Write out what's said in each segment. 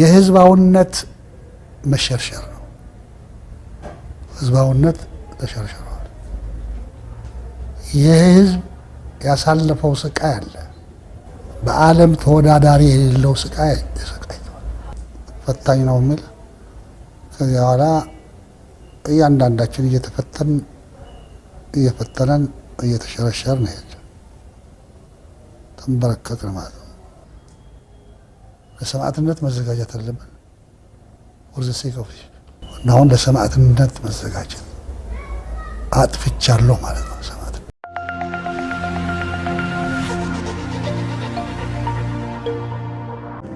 የህዝባውነት መሸርሸር ነው። ህዝባውነት ተሸርሸሯል። ይህ ህዝብ ያሳለፈው ስቃይ አለ። በዓለም ተወዳዳሪ የሌለው ስቃይ ተሰቃይተዋል። ፈታኝ ነው የሚል ከዚያ በኋላ እያንዳንዳችን እየተፈተን እየፈተነን እየተሸረሸርን ሄድ ተንበረከቅን ማለት ነው። ለሰማዕትነት መዘጋጀት አለብን። ወርዘ ሴቀፍ እና አሁን ለሰማዕትነት መዘጋጀት አጥፍቻለሁ ማለት ነው።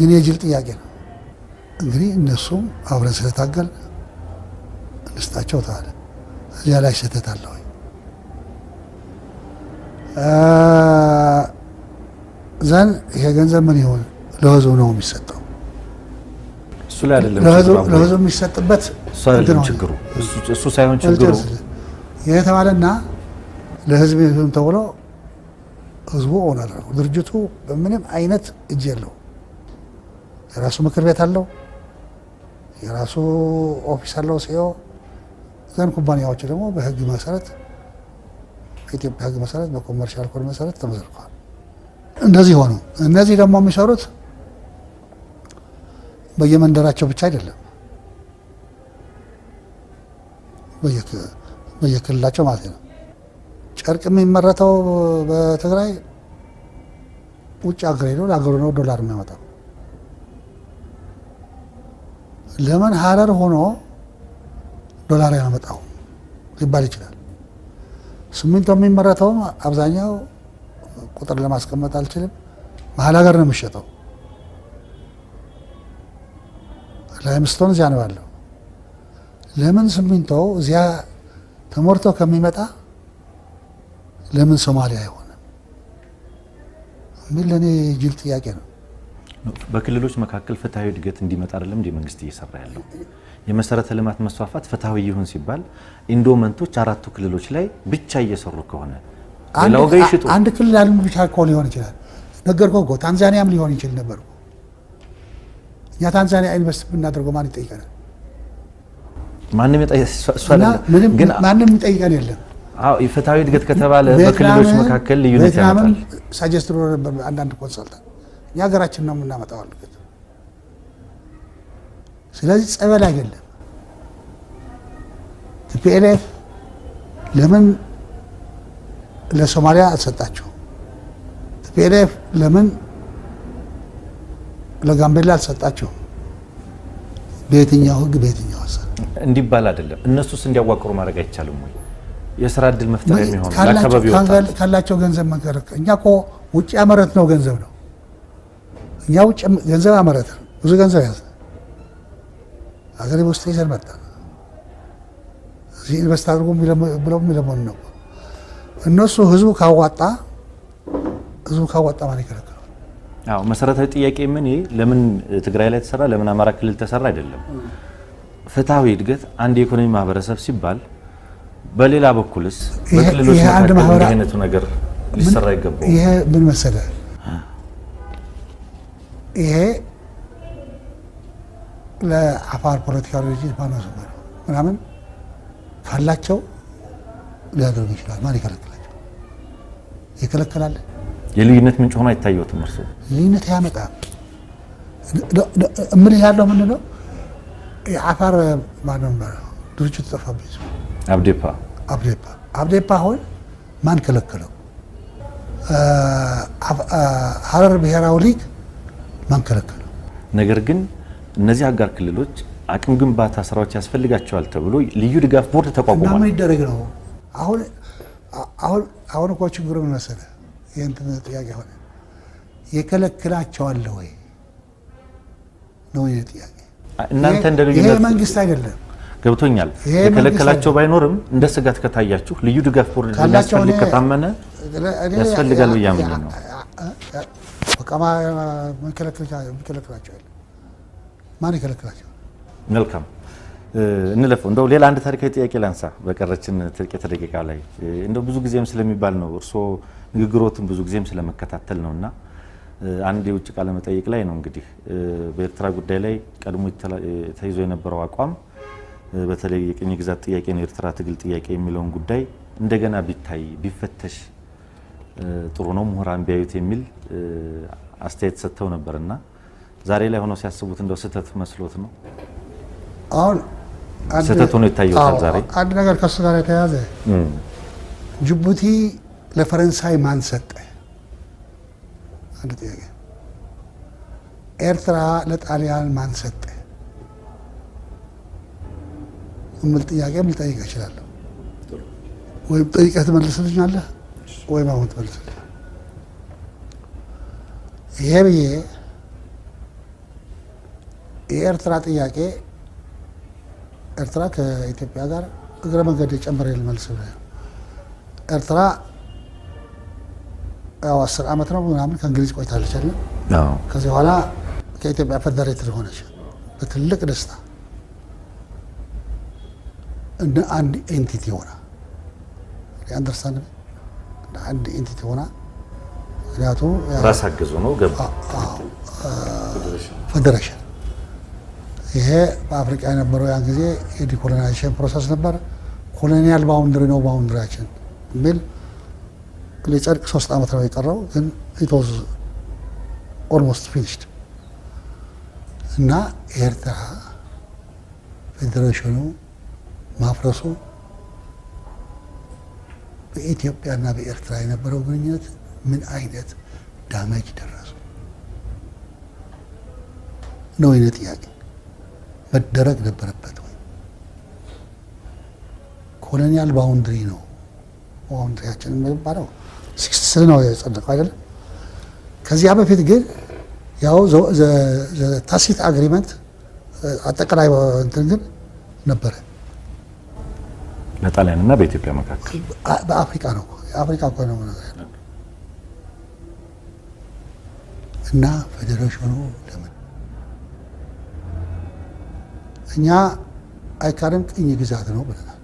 የኔ የጅል ጥያቄ ነው። እንግዲህ እነሱም አብረን ስለታገል እንስጣቸው ተባለ። እዚያ ላይ ስህተት አለ ወይ? ዘን ይሄ ገንዘብ ምን ይሆን ለህዝቡ ነው የሚሰጠው። ለህዝቡ የሚሰጥበት ችግሩ እሱ ሳይሆን ችግሩ ይሄ ተባለና ለህዝብ ተብሎ ህዝቡ ሆነ ድርጅቱ በምንም አይነት እጅ የለው የራሱ ምክር ቤት አለው፣ የራሱ ኦፊስ አለው። ሲዮ ዘን ኩባንያዎች ደግሞ በህግ መሰረት በኢትዮጵያ ህግ መሰረት በኮመርሻል ኮድ መሰረት ተመዘርተዋል። እንደዚህ ሆኑ። እነዚህ ደግሞ የሚሰሩት በየመንደራቸው ብቻ አይደለም፣ በየክልላቸው ማለት ነው። ጨርቅ የሚመረተው በትግራይ ውጭ አገር ሄዶ ለአገሩ ነው ዶላር የሚያመጣው ለምን ሀረር ሆኖ ዶላር ያመጣው ሊባል ይችላል። ሲሚንቶ የሚመረተውም አብዛኛው ቁጥር ለማስቀመጥ አልችልም፣ መሀል ሀገር ነው የሚሸጠው። ላይምስቶን እዚያ ነው ያለው። ለምን ስሚንቶ እዚያ ተሞርቶ ከሚመጣ ለምን ሶማሊያ አይሆንም የሚል ለእኔ ጅል ጥያቄ ነው። በክልሎች መካከል ፍትሐዊ እድገት እንዲመጣ አይደለም እንደ መንግስት እየሰራ ያለው። የመሰረተ ልማት መስፋፋት ፍትሐዊ ይሁን ሲባል ኢንዶመንቶች አራቱ ክልሎች ላይ ብቻ እየሰሩ ከሆነ አንድ ክልል ያሉ ብቻ እኮ ሊሆን ይችላል። ነገርኩህ እኮ ታንዛኒያም ሊሆን ይችል ነበር። እኛ ታንዛኒያ ኢንቨስት ብናደርገው ማን ይጠይቀናል? ማንም ይጠይቀን የለም። ፍትሐዊ እድገት ከተባለ በክልሎች መካከል ልዩነት ያመጣል። ሳጀስት ነበር አንዳንድ ኮንሰልታንት የሀገራችን ነው የምናመጣው። ስለዚህ ጸበል አይደለም ቲፒኤልኤፍ ለምን ለሶማሊያ አልሰጣቸው? ቲፒኤልኤፍ ለምን ለጋምቤላ አልሰጣቸው? በየትኛው ህግ በየትኛው ሀሳብ እንዲባል አይደለም። እነሱስ እንዲያዋቅሩ ማድረግ አይቻልም ወይ? የስራ እድል መፍጠር የሚሆኑ ካላቸው ገንዘብ መከረከ እኛ እኮ ውጭ ያመረት ነው ገንዘብ ነው እኛ ውጭ ገንዘብ አመረተ፣ ብዙ ገንዘብ ያዘ። አገር ውስጥ ይዘን መጣ። እዚህ ኢንቨስት አድርጎ ብለው የሚለመኑ ነው እነሱ። ህዝቡ ካዋጣ ህዝቡ ካዋጣ ማን ይከለክላል? አዎ መሰረታዊ ጥያቄ ምን ለምን ትግራይ ላይ ተሰራ፣ ለምን አማራ ክልል ተሰራ አይደለም። ፍትሐዊ እድገት አንድ የኢኮኖሚ ማህበረሰብ ሲባል በሌላ በኩልስ በክልሎች መካከል ነገር ሊሰራ ይገባል። ይሄ ምን መሰለህ ይሄ ለአፋር ፖለቲካ ድርጅት ባነሱ ምናምን ፈላቸው ሊያደርጉ ይችላል። ማን ይከለክላቸው? ይከለክላል። የልዩነት ምንጭ ሆኖ አይታየትም። እርስ ልዩነት ያመጣ እምልህ ያለው ምንድን ነው? የአፋር ማንም ድርጅት ጠፋብኝ። አብዴፓ አብዴፓ አብዴፓ ሆይ ማን ከለከለው? ሀረር ብሔራዊ ሊግ ማንከረከረ። ነገር ግን እነዚህ አጋር ክልሎች አቅም ግንባታ ስራዎች ያስፈልጋቸዋል ተብሎ ልዩ ድጋፍ ቦርድ ተቋቁሟል። ምን ይደረግ ነው አሁን አሁን አሁን እኮ ችግሩ ምን መሰለህ? የእንትን ጥያቄ ሆነ የከለክላቸዋል ወይ ነው ይሄ ጥያቄ። እናንተ እንደ ልዩ ይሄ መንግስት አይደለም ገብቶኛል። የከለከላቸው ባይኖርም እንደ ስጋት ከታያችሁ ልዩ ድጋፍ ቦርድ ያስፈልግ ከታመነ ያስፈልጋል ብያምን ነው በቃ የሚከለክላቸው የለም። ማን ይከለክላቸው? መልካም እንለፈው። እንደው ሌላ አንድ ታሪካዊ ጥያቄ ላንሳ በቀረችን ጥቂት ደቂቃ ላይ እንደው ብዙ ጊዜም ስለሚባል ነው እርስዎ ንግግሮትን ብዙ ጊዜም ስለመከታተል ነው እና አንድ የውጭ ቃለ መጠይቅ ላይ ነው እንግዲህ በኤርትራ ጉዳይ ላይ ቀድሞ ተይዞ የነበረው አቋም በተለይ የቅኝ ግዛት ጥያቄ ነው የኤርትራ ትግል ጥያቄ የሚለውን ጉዳይ እንደገና ቢታይ ቢፈተሽ ጥሩ ነው ምሁራን ቢያዩት የሚል አስተያየት ሰጥተው ነበር እና ዛሬ ላይ ሆነው ሲያስቡት እንደው ስህተት መስሎት ነው አሁን ስህተት ሆኖ ይታየታል? ዛሬ አንድ ነገር ከሱ ጋር የተያዘ ጅቡቲ ለፈረንሳይ ማን ሰጠ? አንድ ጥያቄ። ኤርትራ ለጣሊያን ማን ሰጠ? የሚል ጥያቄ ልጠይቅህ እችላለሁ ወይም ጠይቀህ ትመልስልኛለህ። ወይ ማሞት መልስ ይሄ ብዬ የኤርትራ ጥያቄ ኤርትራ ከኢትዮጵያ ጋር እግረ መንገድ የጨመረ ልመልስ ኤርትራ ያው አስር ዓመት ነው ምናምን ከእንግሊዝ ቆይታለች አይደል? ከዚህ በኋላ ከኢትዮጵያ ፌደሬትድ ሆነች በትልቅ ደስታ እንደ አንድ ኤንቲቲ ሆና አንደርስታንድ አንድ ኢንቲቲ ሆና ምክንያቱ ራስ አገዙ ነው ፌዴሬሽን። ይሄ በአፍሪቃ የነበረው ያን ጊዜ የዲኮሎናይዜሽን ፕሮሰስ ነበር። ኮሎኒያል ባውንድሪ ነው ባውንድሪያችን የሚል ሊጸድቅ ሶስት ዓመት ነው የቀረው፣ ግን ኢት ኦልሞስት ፊኒሽድ እና ኤርትራ ፌዴሬሽኑ ማፍረሱ በኢትዮጵያና በኤርትራ የነበረው ግንኙነት ምን አይነት ዳመጅ ደረሱ ነው የእኔ ጥያቄ። መደረግ ነበረበት ወይ? ኮሎኒያል ባውንድሪ ነው ባውንድሪያችን የሚባለው ሲክስቲ ነው የጸደቀው አይደለ? ከዚያ በፊት ግን ያው ታሲት አግሪመንት አጠቃላይ እንትን ግን ነበረ በጣሊያን እና በኢትዮጵያ መካከል በአፍሪካ ነው። አፍሪካ እኮ ነው እና ፌዴሬሽኑ ለምን እኛ አይካልም ቅኝ ግዛት ነው ብለናል።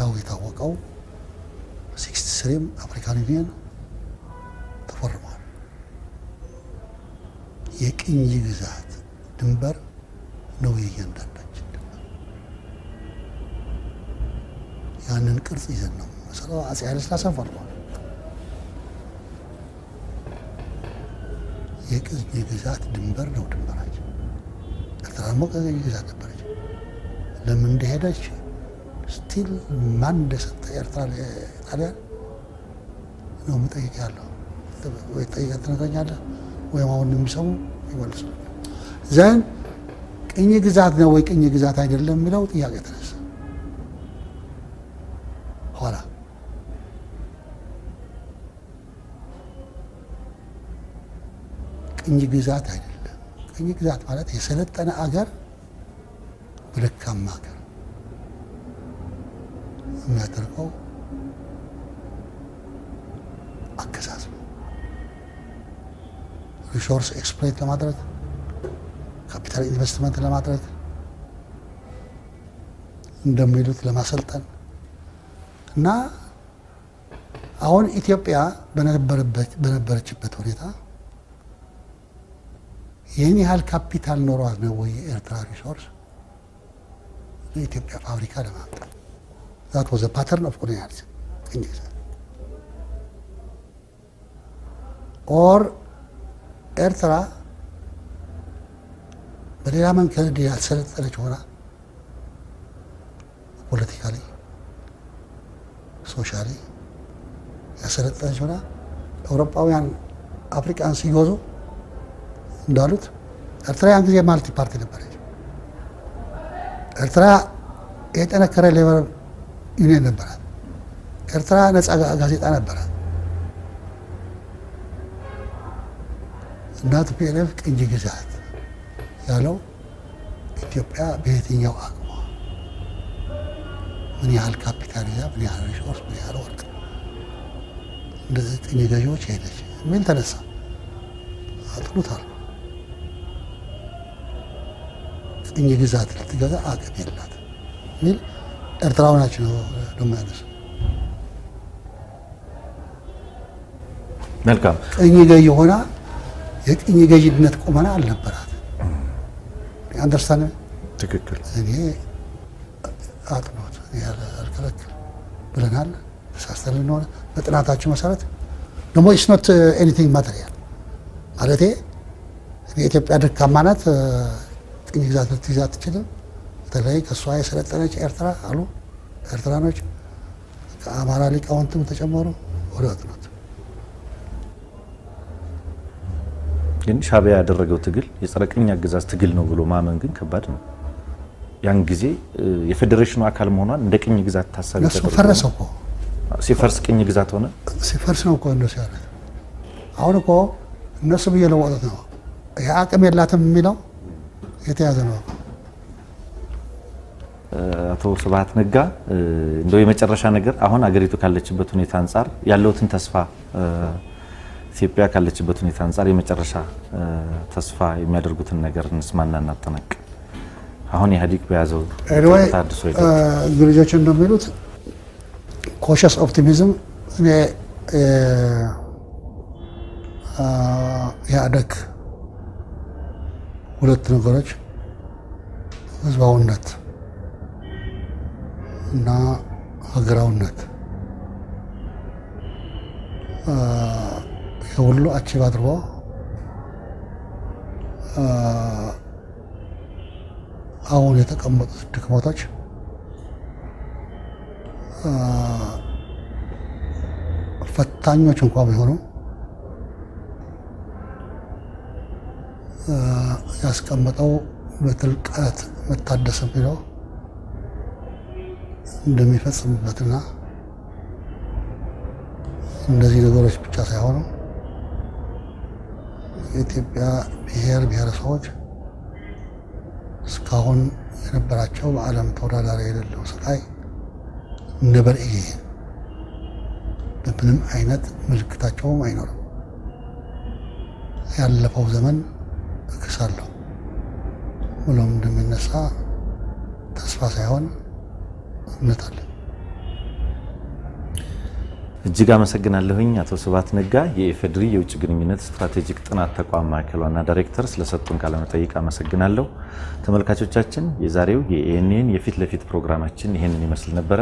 ያው የታወቀው ሲክስቲ ስሪም አፍሪካን ዩኒየን ተፈርሟል። የቅኝ ግዛት ድንበር ነው የእያንዳንዱ ያንን ቅርጽ ይዘን ነው ስራው። አፄ ኃይለሥላሴን ፈርሟል። የግዛት ድንበር ነው ድንበራችን። ኤርትራ ሞቀ ግዛት ነበረች። ለምን እንደሄደች ስቲል ማን እንደሰጠ ኤርትራ ጣሊያን ነው የምጠይቅ ያለው ወይ ጠይቀ ትነግረኛለህ፣ ወይም አሁን የሚሰሙ ይመልሱ ዘን ቅኝ ግዛት ነው ወይ ቅኝ ግዛት አይደለም የሚለው ጥያቄ ቅኝ ግዛት አይደለም። ቅኝ ግዛት ማለት የሰለጠነ አገር ብልካም አገር የሚያደርገው አገዛዝ ነው። ሪሶርስ ኤክስፕሎይት ለማድረግ ካፒታል ኢንቨስትመንት ለማድረግ እንደሚሉት ለማሰልጠን እና አሁን ኢትዮጵያ በነበረችበት ሁኔታ ይህን ያህል ካፒታል ኖሯት ነው ወይ ኤርትራ ሪሶርስ ኢትዮጵያ ፋብሪካ ለማምጣት ዛት ወዘ ፓተርን ኦፍ ኮሎኒያሊዝም ኦር ኤርትራ በሌላ መንገድ ያልሰለጠነች ሆና ፖለቲካ ላይ ሶሻሊ ያሰለጠነች ሆና አውሮፓውያን አፍሪካን ሲጎዙ እንዳሉት ኤርትራ ያን ጊዜ ማልቲ ፓርቲ ነበረች። ኤርትራ የጠነከረ ሌበር ዩኒየን ነበራት። ኤርትራ ነፃ ጋዜጣ ነበራት። እናት ቲፒኤልኤፍ ቅኝ ግዛት ያለው ኢትዮጵያ በየትኛው አቅሟ ምን ያህል ካፒታል ይዛ ምን ያህል ሪሶርስ ምን ያህል ወርቅ እንደዚህ ቅኝ ገዢዎች ሄደች የሚል ተነሳ። አጥሉታል እኚህ ግዛት ልትገዛ አቅም የላት ሚል ኤርትራዊ ናቸው ነው ደመላለሱ። መልካም ቅኝ ገዥ ሆና የቅኝ ገዥነት ቁመና አልነበራት። አንደርስታን ትክክል እኔ አጥኖት ያልከለክል ብለናል። ተሳስተን ልንሆነ በጥናታችሁ መሰረት ደግሞ ስኖት ኤኒቲንግ ማቴሪያል ማለቴ የኢትዮጵያ ደካማ ናት ቅኝ ግዛት ልትይዝ አትችልም። በተለይ ከእሷ የሰለጠነች ኤርትራ አሉ ኤርትራኖች ከአማራ ሊቃውንትም ተጨመሩ ወደ ወጥነት ግን ሻዕቢያ ያደረገው ትግል የጸረ ቅኝ አገዛዝ ትግል ነው ብሎ ማመን ግን ከባድ ነው። ያን ጊዜ የፌዴሬሽኑ አካል መሆኗን እንደ ቅኝ ግዛት ታሳቢ ተደርጎ እኮ ሲፈርስ ቅኝ ግዛት ሆነ። ሲፈርስ ነው እኮ እነሱ ያለ አሁን እኮ እነሱም እየለወጡት ነው። የአቅም የላትም የሚለው የተያዘ ነው። አቶ ስብሀት ነጋ እንደው የመጨረሻ ነገር አሁን አገሪቱ ካለችበት ሁኔታ አንጻር ያለውትን ተስፋ ኢትዮጵያ ካለችበት ሁኔታ አንጻር የመጨረሻ ተስፋ የሚያደርጉትን ነገር እንስማና እናጠናቅ። አሁን ኢህአዴግ በያዘው ታድሶ እንግሊዞች እንደሚሉት ኮሸስ ኦፕቲሚዝም እኔ ኢህአዴግ ሁለት ነገሮች ህዝባዊነት እና ሀገራዊነት የሁሉ አቺቭ አድርጎ አሁን የተቀመጡት ድክመቶች ፈታኞች እንኳ ቢሆኑ ያስቀመጠው በጥልቀት መታደሰ እንደሚፈጽሙበት እንደሚፈጽምበትና እንደዚህ ነገሮች ብቻ ሳይሆኑ የኢትዮጵያ ብሔር ብሔረሰቦች እስካሁን የነበራቸው በዓለም ተወዳዳሪ የሌለው ስቃይ ነበር። በርኤ በምንም አይነት ምልክታቸውም አይኖርም። ያለፈው ዘመን እክሳለሁ። ውሎም እንደምነሳ ተስፋ ሳይሆን እምነት አለ። እጅግ አመሰግናለሁኝ አቶ ስብሐት ነጋ የኢፌዴሪ የውጭ ግንኙነት ስትራቴጂክ ጥናት ተቋም ማዕከል ዋና ዳይሬክተር ስለሰጡን ቃለመጠይቅ አመሰግናለሁ። ተመልካቾቻችን የዛሬው የኤኤንኤን የፊት ለፊት ፕሮግራማችን ይህንን ይመስል ነበረ።